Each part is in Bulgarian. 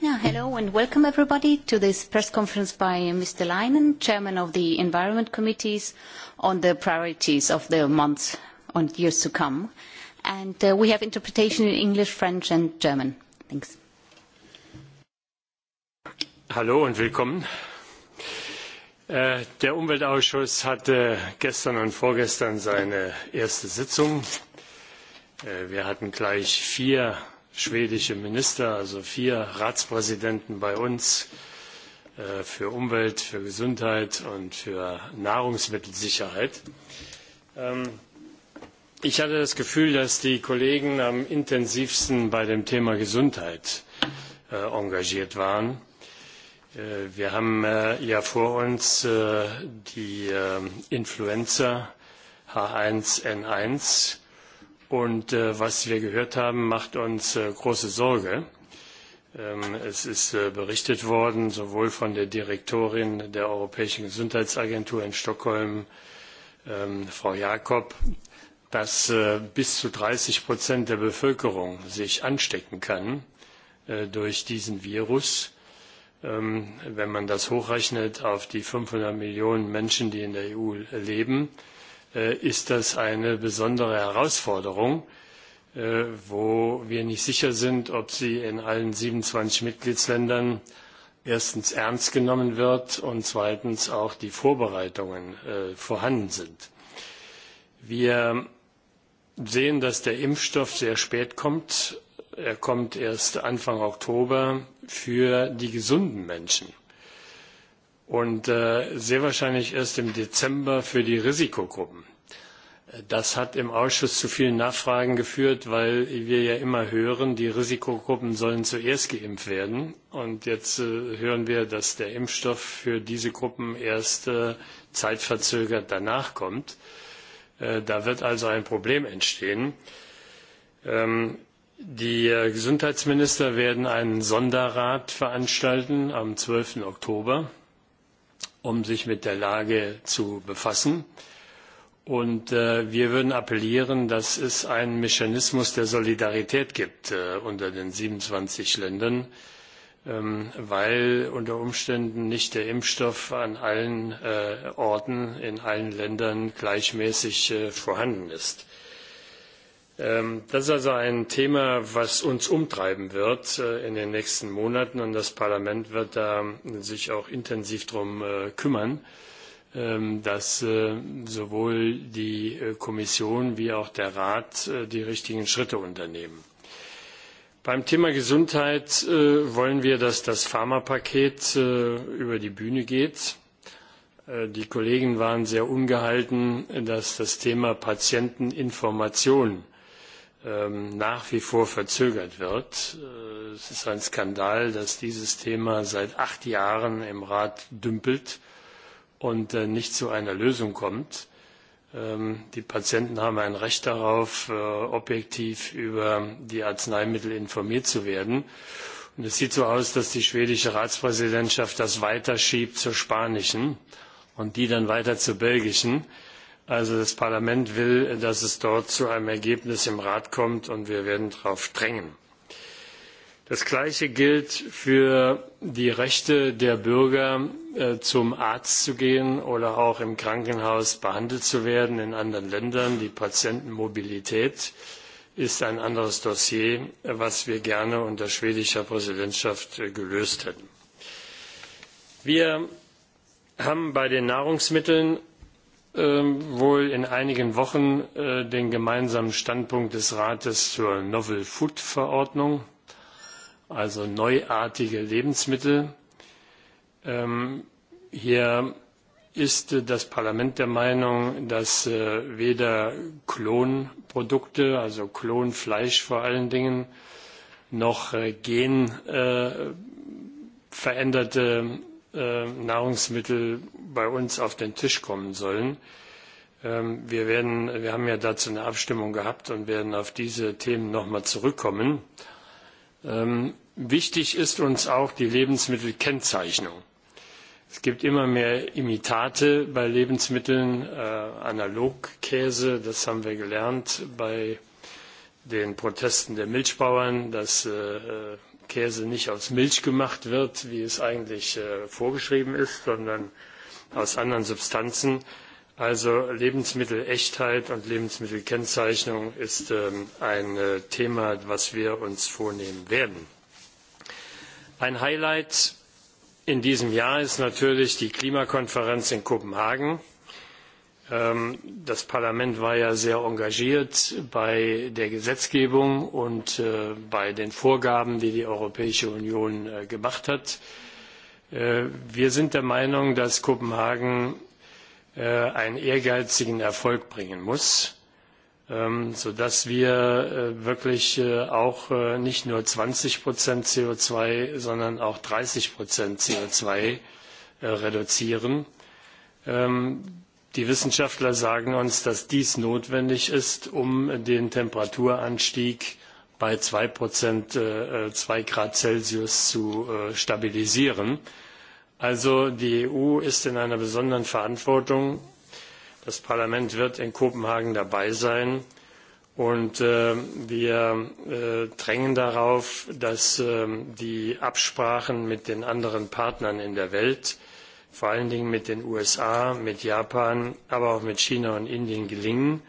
Hello and welcome everybody to this press conference by Mr. Leinen, Chairman of the Environment Committees, on the priorities of the months and years to come. And we have interpretation in English, French and German. Thanks. Hallo und willkommen. Der Umweltausschuss hatte gestern und vorgestern seine erste Sitzung. Wir hatten gleich vier schwedische Minister, also vier Ratspräsidenten bei uns für Umwelt, für Gesundheit und für Nahrungsmittelsicherheit. Ich hatte das Gefühl, dass die Kollegen am intensivsten bei dem Thema Gesundheit engagiert waren. Wir haben ja vor uns die Influenza H1N1 Und was wir gehört haben, macht uns große Sorge. Es ist berichtet worden, sowohl von der Direktorin der Europäischen Gesundheitsagentur in Stockholm, Frau Jakob, dass bis zu dreißig der Bevölkerung sich anstecken kann durch diesen Virus. Wenn man das hochrechnet auf die 500 Millionen Menschen, die in der EU leben, ist das eine besondere Herausforderung, wo wir nicht sicher sind, ob sie in allen 27 Mitgliedsländern erstens ernst genommen wird und zweitens auch die Vorbereitungen vorhanden sind. Wir sehen, dass der Impfstoff sehr spät kommt. Er kommt erst Anfang Oktober für die gesunden Menschen und sehr wahrscheinlich erst im Dezember für die Risikogruppen. Das hat im Ausschuss zu vielen Nachfragen geführt, weil wir ja immer hören, die Risikogruppen sollen zuerst geimpft werden. Und jetzt hören wir, dass der Impfstoff für diese Gruppen erst zeitverzögert danach kommt. Da wird also ein Problem entstehen. Die Gesundheitsminister werden einen Sonderrat veranstalten am 12. Oktober um sich mit der Lage zu befassen. Und wir würden appellieren, dass es einen Mechanismus der Solidarität gibt unter den 27 Ländern, weil unter Umständen nicht der Impfstoff an allen Orten, in allen Ländern gleichmäßig vorhanden ist. Das ist also ein Thema, das uns umtreiben wird in den nächsten Monaten und das Parlament wird da sich auch intensiv darum kümmern, dass sowohl die Kommission wie auch der Rat die richtigen Schritte unternehmen. Beim Thema Gesundheit wollen wir, dass das Pharmapaket über die Bühne geht. Die Kollegen waren sehr ungehalten, dass das Thema Patienteninformation nach wie vor verzögert wird. Es ist ein Skandal, dass dieses Thema seit acht Jahren im Rat dümpelt und nicht zu einer Lösung kommt. Die Patienten haben ein Recht darauf, objektiv über die Arzneimittel informiert zu werden. Und es sieht so aus, dass die schwedische Ratspräsidentschaft das weiterschiebt zur spanischen und die dann weiter zur belgischen Also das Parlament will, dass es dort zu einem Ergebnis im Rat kommt und wir werden darauf drängen. Das Gleiche gilt für die Rechte der Bürger, zum Arzt zu gehen oder auch im Krankenhaus behandelt zu werden in anderen Ländern. Die Patientenmobilität ist ein anderes Dossier, das wir gerne unter schwedischer Präsidentschaft gelöst hätten. Wir haben bei den Nahrungsmitteln wohl in einigen Wochen den gemeinsamen Standpunkt des Rates zur Novel Food Verordnung, also neuartige Lebensmittel. Hier ist das Parlament der Meinung, dass weder Klonprodukte, also Klonfleisch vor allen Dingen, noch genveränderte Nahrungsmittel bei uns auf den Tisch kommen sollen. Wir, werden, wir haben ja dazu eine Abstimmung gehabt und werden auf diese Themen nochmal zurückkommen. Wichtig ist uns auch die Lebensmittelkennzeichnung. Es gibt immer mehr Imitate bei Lebensmitteln, Analogkäse, das haben wir gelernt bei den Protesten der Milchbauern, dass Käse nicht aus Milch gemacht wird, wie es eigentlich vorgeschrieben ist, sondern aus anderen Substanzen. Also Lebensmittelechtheit und Lebensmittelkennzeichnung ist ein Thema, das wir uns vornehmen werden. Ein Highlight in diesem Jahr ist natürlich die Klimakonferenz in Kopenhagen Das Parlament war ja sehr engagiert bei der Gesetzgebung und bei den Vorgaben, die die Europäische Union gemacht hat. Wir sind der Meinung, dass Kopenhagen einen ehrgeizigen Erfolg bringen muss, sodass wir wirklich auch nicht nur zwanzig co zwei, sondern auch dreißig co zwei reduzieren Die Wissenschaftler sagen uns, dass dies notwendig ist, um den Temperaturanstieg bei zwei zwei Grad Celsius zu stabilisieren. Also die EU ist in einer besonderen Verantwortung. Das Parlament wird in Kopenhagen dabei sein. Und wir drängen darauf, dass die Absprachen mit den anderen Partnern in der Welt vor allen Dingen mit den USA, mit Japan, aber auch mit China und Indien gelingen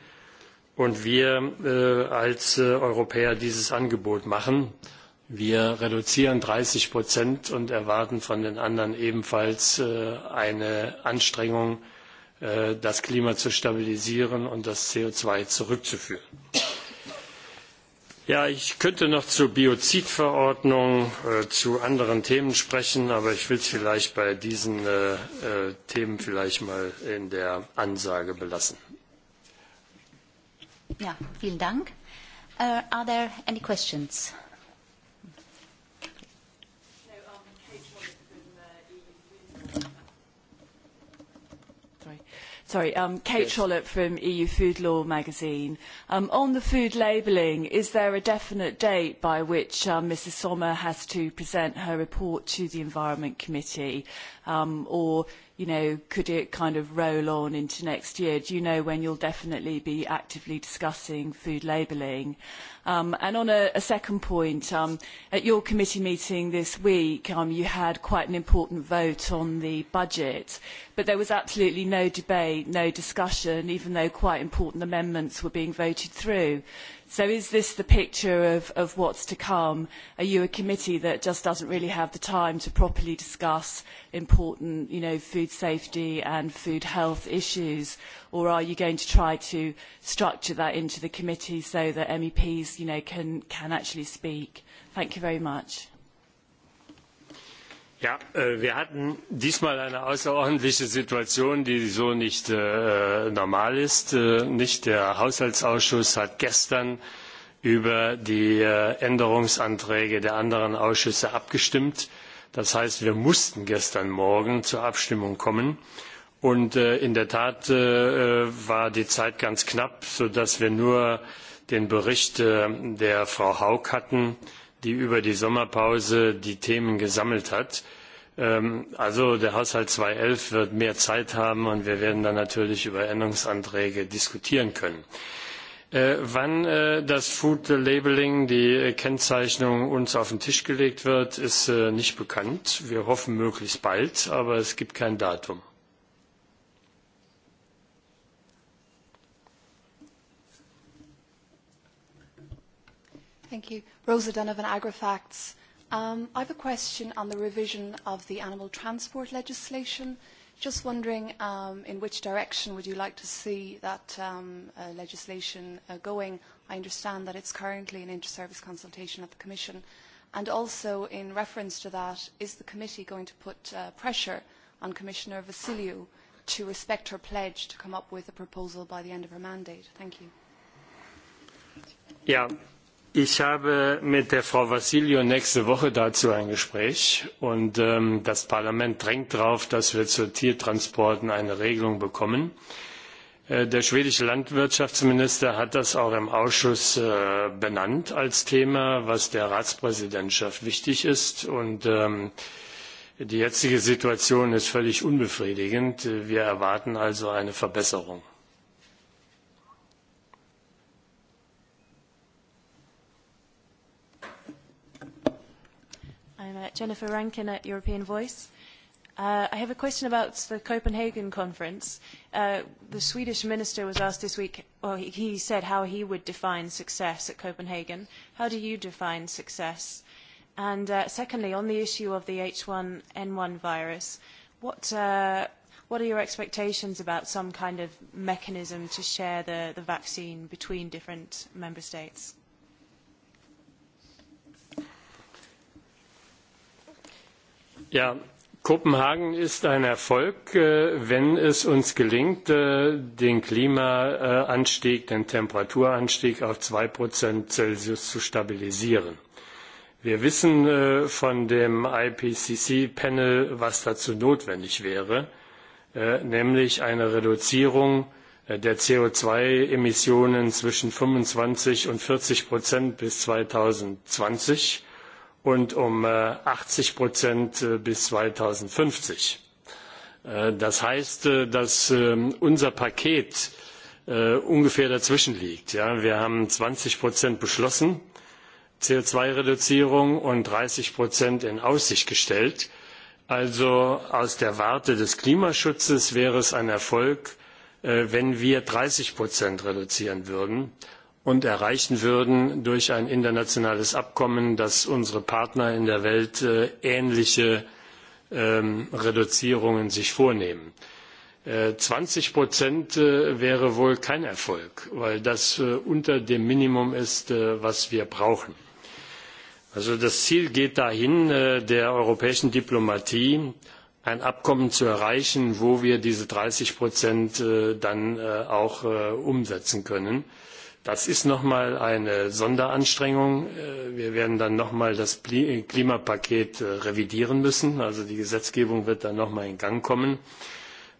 und wir als Europäer dieses Angebot machen. Wir reduzieren 30 Prozent und erwarten von den anderen ebenfalls eine Anstrengung, das Klima zu stabilisieren und das co zwei zurückzuführen. Ja, ich könnte noch zur Biozidverordnung, zu anderen Themen sprechen, aber ich will es vielleicht bei diesen Themen vielleicht mal in der Ansage belassen. Ja, vielen Dank. are there any questions? Sorry, um, Kate Trollope from EU Food Law magazine. Um, on the food labelling, is there a definite date by which um, Mrs Sommer has to present her report to the Environment Committee? Um, or you know, could it kind of roll on into next year? Do you know when you'll definitely be actively discussing food labelling? and on a, second point, at your committee meeting this week, you had quite an important vote on the budget, but there was absolutely no debate, no discussion, even though quite important amendments were being voted through. So is this the picture of, of what's to come? Are you a committee that just doesn't really have the time to properly discuss important you know, food safety and food health issues? Or are you going to try to structure that into the committee so that MEPs you know, can, can actually speak? Thank you very much wir hatten diesmal eine außerordentliche Situation, die so nicht normal ist. nicht der Haushaltsausschuss hat gestern über die Änderungsanträge der anderen Ausschüsse abgestimmt. Das heißt, wir mussten gestern Morgen zur Abstimmung kommen. Und in der Tat war die Zeit ganz knapp, sodass wir nur den Bericht der Frau Haug hatten, die über die Sommerpause die Themen gesammelt hat. Also der Haushalt zweitausendelf wird mehr Zeit haben und wir werden dann natürlich über Änderungsanträge diskutieren können. Wann das Food Labelling, die Kennzeichnung uns auf den Tisch gelegt wird, ist nicht bekannt. Wir hoffen möglichst bald, aber es gibt kein Datum. Thank you. Rosa Donovan, AgriFacts. Um, I have a question on the revision of the animal transport legislation. Just wondering um, in which direction would you like to see that um, uh, legislation uh, going? I understand that it's currently an inter-service consultation at the Commission. And also in reference to that, is the committee going to put uh, pressure on Commissioner Vassiliou to respect her pledge to come up with a proposal by the end of her mandate? Thank you. Yeah, Ich habe mit der Frau Vassiliou nächste Woche dazu ein Gespräch und das Parlament drängt darauf, dass wir zu Tiertransporten eine Regelung bekommen. Der schwedische Landwirtschaftsminister hat das auch im Ausschuss benannt als Thema, was der Ratspräsidentschaft wichtig ist. Und die jetzige Situation ist völlig unbefriedigend. Wir erwarten also eine Verbesserung. Jennifer Rankin at European Voice. I have a question about the Copenhagen conference. the Swedish minister was asked this week, or he he said how he would define success at Copenhagen. How do you define success? And secondly, on the issue of the h one n one virus, what, what are your expectations about some kind of mechanism to share the, the vaccine between different member states? Ja, Kopenhagen ist ein Erfolg, wenn es uns gelingt, den Klimaanstieg, den Temperaturanstieg auf zwei Prozent Celsius zu stabilisieren. Wir wissen von dem IPCC-Panel, was dazu notwendig wäre, nämlich eine Reduzierung der co zwei emissionen zwischen 25 und 40 Prozent bis 2020 und um achtzig bis 2050. Das heißt, dass unser Paket ungefähr dazwischen liegt. Wir haben zwanzig beschlossen, co zwei reduzierung und dreißig in Aussicht gestellt. Also aus der Warte des Klimaschutzes wäre es ein Erfolg, wenn wir dreißig reduzieren würden und erreichen würden durch ein internationales Abkommen, dass unsere Partner in der Welt ähnliche Reduzierungen sich vornehmen. Zwanzig wäre wohl kein Erfolg, weil das unter dem Minimum ist, was wir brauchen. Also das Ziel geht dahin, der europäischen Diplomatie ein Abkommen zu erreichen, wo wir diese 30 dann auch umsetzen können. Das ist nochmal eine Sonderanstrengung. Wir werden dann nochmal das Klimapaket revidieren müssen. Also die Gesetzgebung wird dann nochmal in Gang kommen.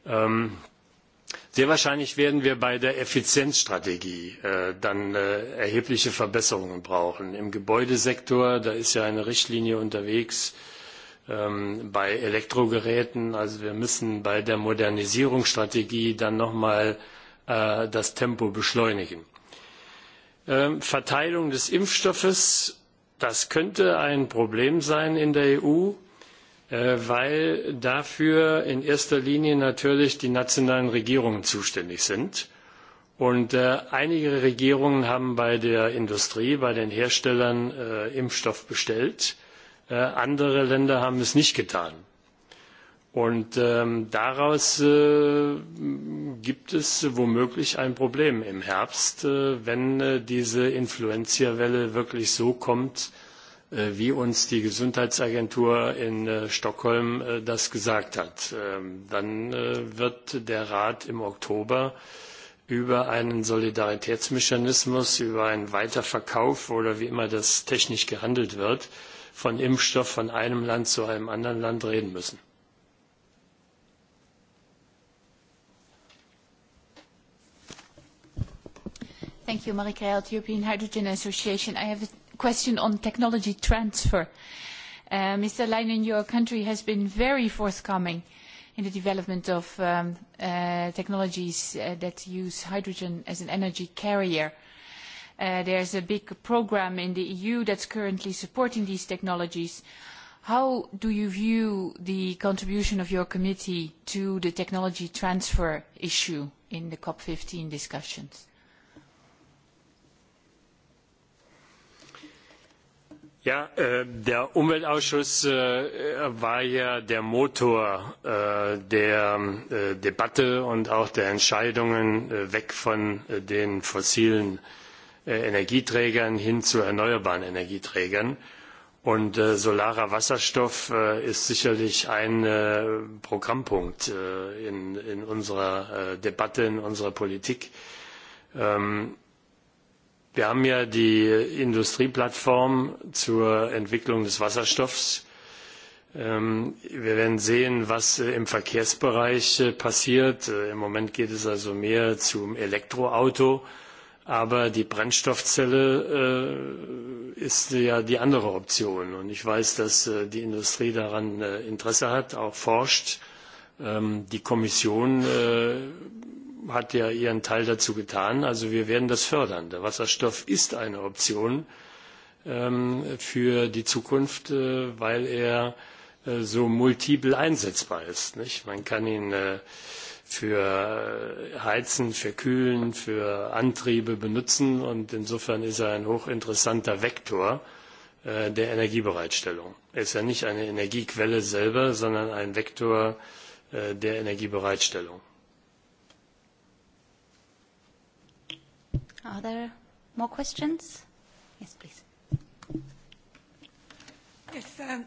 Sehr wahrscheinlich werden wir bei der Effizienzstrategie dann erhebliche Verbesserungen brauchen. Im Gebäudesektor, da ist ja eine Richtlinie unterwegs bei Elektrogeräten. Also wir müssen bei der Modernisierungsstrategie dann nochmal das Tempo beschleunigen. Verteilung des Impfstoffes, das könnte ein Problem sein in der EU, weil dafür in erster Linie natürlich die nationalen Regierungen zuständig sind. Und einige Regierungen haben bei der Industrie, bei den Herstellern Impfstoff bestellt. andere Länder haben es nicht getan. Und daraus gibt es womöglich ein Problem im Herbst, wenn diese Influenzierwelle wirklich so kommt, wie uns die Gesundheitsagentur in Stockholm das gesagt hat. Dann wird der Rat im Oktober über einen Solidaritätsmechanismus, über einen Weiterverkauf oder wie immer das technisch gehandelt wird, von Impfstoff von einem Land zu einem anderen Land reden müssen. Thank you, Marika Held, European Hydrogen Association. I have a question on technology transfer. Mr. Leinen, your country has been very forthcoming in the development of technologies that use hydrogen as an energy carrier. There is a big programme in the EU that is currently supporting these technologies. How do you view the contribution of your committee to the technology transfer issue in the COP15 discussions? der Umweltausschuss war ja der Motor der Debatte und auch der Entscheidungen weg von den fossilen Energieträgern hin zu erneuerbaren Energieträgern. Und solarer Wasserstoff ist sicherlich ein Programmpunkt in, unserer Debatte, in unserer Politik Wir haben ja die Industrieplattform zur Entwicklung des Wasserstoffs. Wir werden sehen, was im Verkehrsbereich passiert. Im Moment geht es also mehr zum Elektroauto, aber die Brennstoffzelle ist ja die andere Option. Und ich weiß, dass die Industrie daran Interesse hat, auch forscht. Die Kommission hat ja ihren Teil dazu getan. Also wir werden das fördern. Der Wasserstoff ist eine Option für die Zukunft, weil er so multiple einsetzbar ist. Man kann ihn für Heizen, für Kühlen, für Antriebe benutzen und insofern ist er ein hochinteressanter Vektor der Energiebereitstellung. Er ist ja nicht eine Energiequelle selber, sondern ein Vektor der Energiebereitstellung. Are there more questions? Yes, please. Yes, um,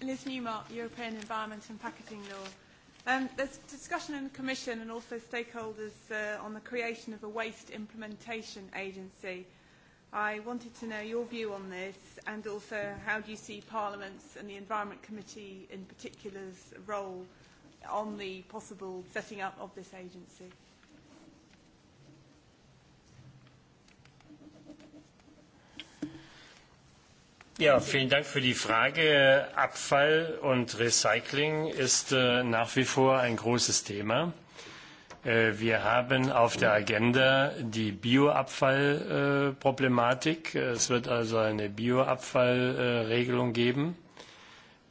Liz Newmark, European Environment and Packaging Law. Um, there's discussion in the Commission and also stakeholders uh, on the creation of a waste implementation agency. I wanted to know your view on this and also how do you see Parliament's and the Environment Committee in particular's role on the possible setting up of this agency? Ja, vielen Dank für die Frage. Abfall und Recycling ist nach wie vor ein großes Thema. Wir haben auf der Agenda die Bioabfallproblematik. Es wird also eine Bioabfallregelung geben.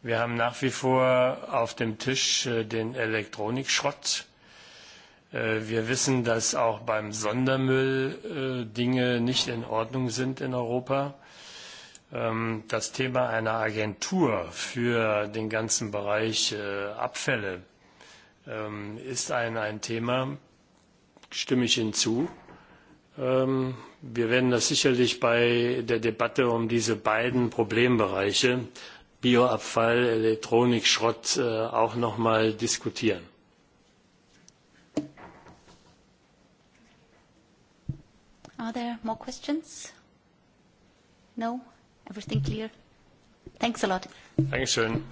Wir haben nach wie vor auf dem Tisch den Elektronikschrott. Wir wissen, dass auch beim Sondermüll Dinge nicht in Ordnung sind in Europa das Thema einer Agentur für den ganzen Bereich Abfälle ist ein, ein Thema, stimme ich hinzu. Wir werden das sicherlich bei der Debatte um diese beiden Problembereiche Bioabfall, Elektronikschrott auch noch mal diskutieren. Are there more questions? No? Everything clear? Thanks a lot. Dankeschön.